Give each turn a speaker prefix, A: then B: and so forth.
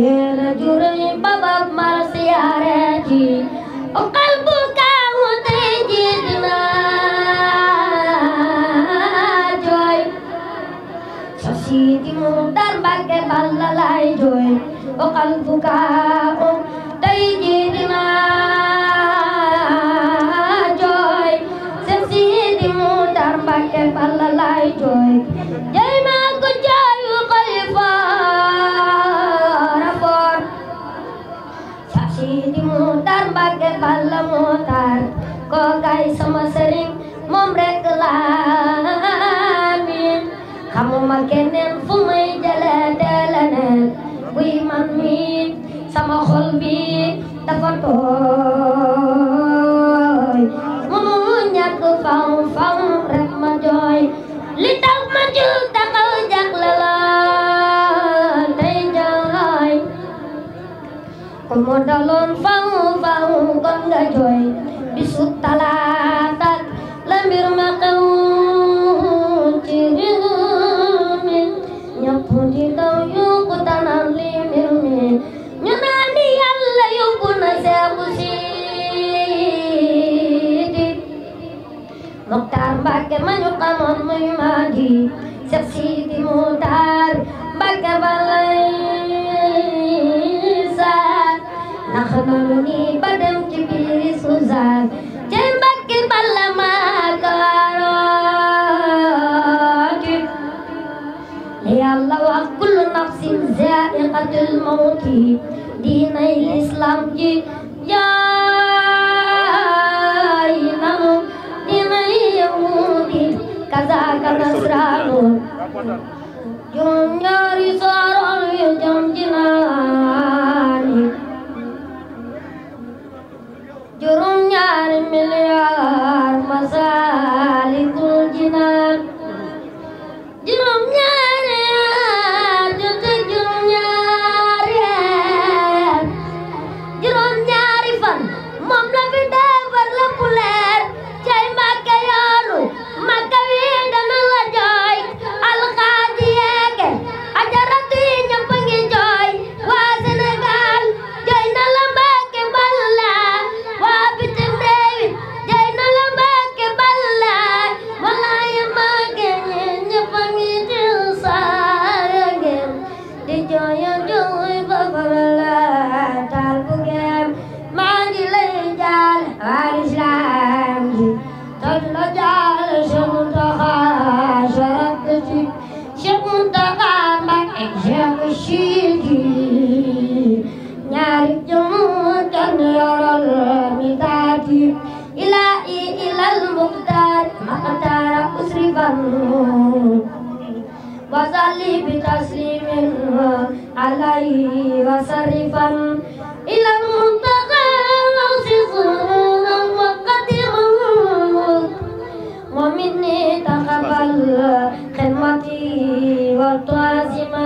A: yéen a juróomi babab mar siyaare ji oqal bu kaamu tey ji dina jooy sa siiti mu dar Mbàkke Balla lay jooy oqal bu kaamu tey ji dina jooy sa siiti mu dar Mbàkke Balla lay jooy siidi muxtaar mbàkke balla muxtaar kookay sama sëriñ moom rek laa miin xamuma keneen fu may jële teeleneen buy man miin sama xol bi dafa toog moo daloon faw faw kon nga jooy bisu talaata la mbir ma xew ci réew mi ñëpp di daw yuuxu tanaan li mbir mi ñu naan di yàlla yóbbu na seexu siidi Moxtaar Mbàkke ma ñu xamoon muy maa di seex siidi mu taar سابقة الموت دين الإسلام جي جاينهم دين يهود كذاك نصران يوم ياري صار يجم جناني جرم ياري مليار مسالك الجنان وصلي بتسليم عليه وصرفا إلى المنتقى وصفا وقدرا ومني تقبل خدمتي وتعزما